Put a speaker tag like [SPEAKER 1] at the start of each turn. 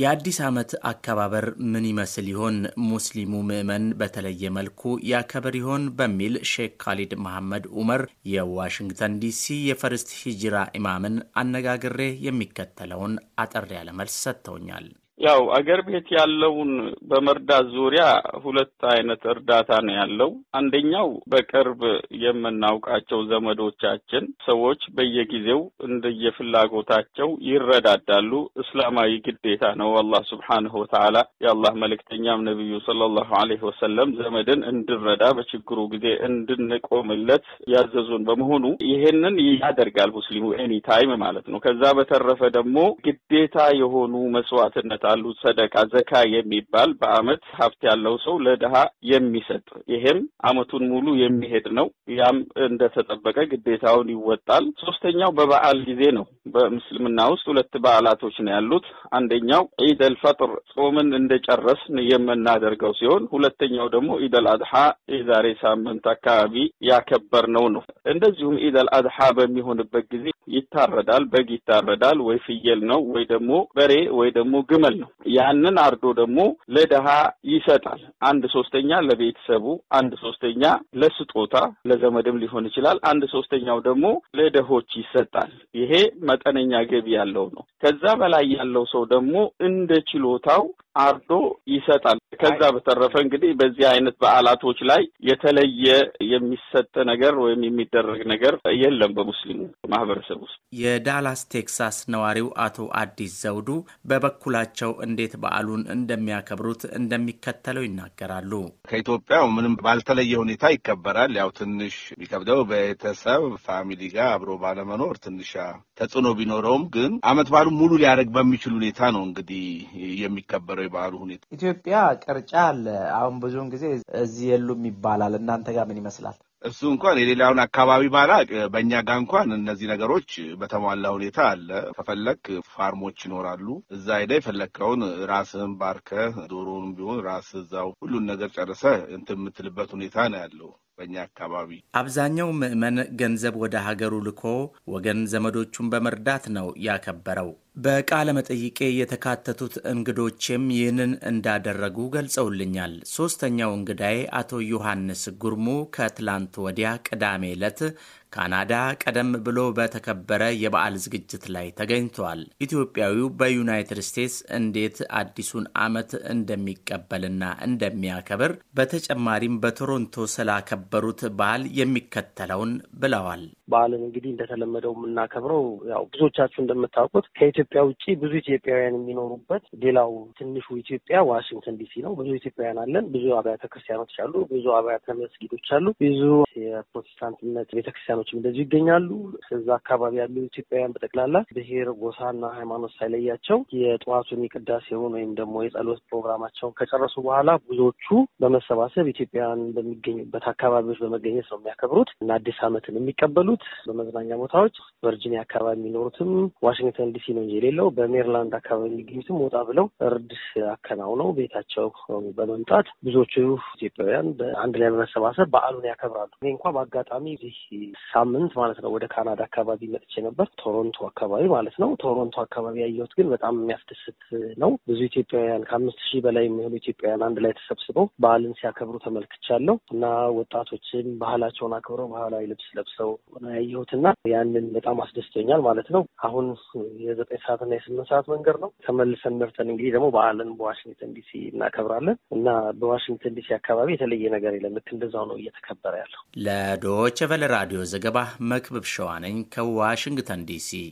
[SPEAKER 1] የአዲስ ዓመት አከባበር ምን ይመስል ይሆን? ሙስሊሙ ምዕመን በተለየ መልኩ ያከብር ይሆን? በሚል ሼክ ካሊድ መሐመድ ኡመር የዋሽንግተን ዲሲ የፈርስት ሂጅራ ኢማምን አነጋግሬ የሚከተለውን አጠር ያለ መልስ ሰጥተውኛል።
[SPEAKER 2] ያው አገር ቤት ያለውን በመርዳት ዙሪያ ሁለት አይነት እርዳታ ነው ያለው። አንደኛው በቅርብ የምናውቃቸው ዘመዶቻችን ሰዎች በየጊዜው እንደየፍላጎታቸው ይረዳዳሉ። እስላማዊ ግዴታ ነው። አላህ ስብሓንሁ ወተዓላ የአላህ መልእክተኛም ነቢዩ ሰለላሁ ዐለይሂ ወሰለም ዘመድን እንድረዳ በችግሩ ጊዜ እንድንቆምለት ያዘዙን በመሆኑ ይሄንን ያደርጋል ሙስሊሙ ኤኒ ታይም ማለት ነው። ከዛ በተረፈ ደግሞ ግዴታ የሆኑ መስዋዕትነት ይላሉ። ሰደቃ ዘካ የሚባል በአመት ሀብት ያለው ሰው ለድሃ የሚሰጥ ይሄም አመቱን ሙሉ የሚሄድ ነው። ያም እንደተጠበቀ ግዴታውን ይወጣል። ሶስተኛው በበዓል ጊዜ ነው። በምስልምና ውስጥ ሁለት በዓላቶች ነው ያሉት። አንደኛው ኢደል ፈጥር ጾምን እንደጨረስን የምናደርገው ሲሆን ሁለተኛው ደግሞ ኢደል አድሓ የዛሬ ሳምንት አካባቢ ያከበርነው ነው። እንደዚሁም ኢደል በሚሆንበት ጊዜ ይታረዳል። በግ ይታረዳል። ወይ ፍየል ነው ወይ ደግሞ በሬ ወይ ደግሞ ግመል ማዕከል ነው። ያንን አርዶ ደግሞ ለድሃ ይሰጣል። አንድ ሶስተኛ ለቤተሰቡ፣ አንድ ሶስተኛ ለስጦታ ለዘመድም ሊሆን ይችላል። አንድ ሶስተኛው ደግሞ ለደሆች ይሰጣል። ይሄ መጠነኛ ገቢ ያለው ነው። ከዛ በላይ ያለው ሰው ደግሞ እንደ ችሎታው አርዶ ይሰጣል። ከዛ በተረፈ እንግዲህ በዚህ አይነት በዓላቶች ላይ የተለየ የሚሰጥ ነገር ወይም የሚደረግ ነገር የለም በሙስሊሙ ማህበረሰብ
[SPEAKER 3] ውስጥ።
[SPEAKER 1] የዳላስ ቴክሳስ ነዋሪው አቶ አዲስ ዘውዱ በበኩላቸው እንዴት በዓሉን እንደሚያከብሩት እንደሚከተለው ይናገራሉ።
[SPEAKER 3] ከኢትዮጵያው ምንም ባልተለየ ሁኔታ ይከበራል። ያው ትንሽ የሚከብደው ቤተሰብ ፋሚሊ ጋር አብሮ ባለመኖር ትንሻ ተጽዕኖ ቢኖረውም ግን አመት በዓሉ ሙሉ ሊያደርግ በሚችል ሁኔታ ነው እንግዲህ የሚከበረው የበዓሉ ሁኔታ
[SPEAKER 1] ኢትዮጵያ ቅርጫ አለ። አሁን ብዙውን ጊዜ እዚህ የሉም ይባላል። እናንተ ጋር ምን ይመስላል?
[SPEAKER 3] እሱ እንኳን የሌላውን አካባቢ ባላቅ በእኛ ጋር እንኳን እነዚህ ነገሮች በተሟላ ሁኔታ አለ። ከፈለክ ፋርሞች ይኖራሉ። እዛ ሄደህ የፈለግከውን ራስህን ባርከህ ዶሮንም ቢሆን ራስህ እዛው ሁሉን ነገር ጨርሰህ እንትን የምትልበት ሁኔታ ነው ያለው። በእኛ አካባቢ
[SPEAKER 1] አብዛኛው ምዕመን ገንዘብ ወደ ሀገሩ ልኮ ወገን ዘመዶቹን በመርዳት ነው ያከበረው። በቃለ መጠይቄ የተካተቱት እንግዶችም ይህንን እንዳደረጉ ገልጸውልኛል። ሦስተኛው እንግዳዬ አቶ ዮሐንስ ጉርሙ ከትላንት ወዲያ ቅዳሜ ዕለት ካናዳ ቀደም ብሎ በተከበረ የበዓል ዝግጅት ላይ ተገኝተዋል። ኢትዮጵያዊው በዩናይትድ ስቴትስ እንዴት አዲሱን ዓመት እንደሚቀበልና እንደሚያከብር በተጨማሪም በቶሮንቶ ስላከበሩት በዓል የሚከተለውን ብለዋል።
[SPEAKER 4] በዓልን እንግዲህ እንደተለመደው የምናከብረው ያው ብዙዎቻችሁ እንደምታውቁት ከኢትዮ ከኢትዮጵያ ውጭ ብዙ ኢትዮጵያውያን የሚኖሩበት ሌላው ትንሹ ኢትዮጵያ ዋሽንግተን ዲሲ ነው። ብዙ ኢትዮጵያውያን አለን። ብዙ አብያተ ክርስቲያኖች አሉ። ብዙ አብያተ መስጊዶች አሉ። ብዙ የፕሮቴስታንትነት ቤተክርስቲያኖችም እንደዚሁ ይገኛሉ። እዛ አካባቢ ያሉ ኢትዮጵያውያን በጠቅላላ ብሔር፣ ጎሳና ሃይማኖት ሳይለያቸው የጠዋቱን የቅዳሴውን ወይም ደግሞ የጸሎት ፕሮግራማቸውን ከጨረሱ በኋላ ብዙዎቹ በመሰባሰብ ኢትዮጵያውያን በሚገኙበት አካባቢዎች በመገኘት ነው የሚያከብሩት እና አዲስ ዓመትን የሚቀበሉት በመዝናኛ ቦታዎች ቨርጂኒያ አካባቢ የሚኖሩትም ዋሽንግተን ዲሲ ነው የሌለው በሜሪላንድ አካባቢ የሚገኙትም ወጣ ብለው እርድ አከናውነው ቤታቸው በመምጣት ብዙዎቹ ኢትዮጵያውያን አንድ ላይ በመሰባሰብ በዓሉን ያከብራሉ። እኔ እንኳ በአጋጣሚ እዚህ ሳምንት ማለት ነው ወደ ካናዳ አካባቢ መጥቼ ነበር፣ ቶሮንቶ አካባቢ ማለት ነው። ቶሮንቶ አካባቢ ያየሁት ግን በጣም የሚያስደስት ነው። ብዙ ኢትዮጵያውያን ከአምስት ሺህ በላይ የሚሆኑ ኢትዮጵያውያን አንድ ላይ ተሰብስበው በዓልን ሲያከብሩ ተመልክቻለሁ እና ወጣቶችም ባህላቸውን አክብረው ባህላዊ ልብስ ለብሰው ያየሁትና ያንን በጣም አስደስቶኛል ማለት ነው። አሁን የዘጠኝ ሰዓት እና የስምንት ሰዓት መንገድ ነው። ተመልሰን መርተን እንግዲህ ደግሞ በዓልን በዋሽንግተን ዲሲ እናከብራለን እና በዋሽንግተን ዲሲ አካባቢ የተለየ ነገር የለም። ልክ እንደዛው ነው እየተከበረ ያለው።
[SPEAKER 1] ለዶይቼ ቬለ ራዲዮ ዘገባ መክብብ ሸዋነኝ ከዋሽንግተን ዲሲ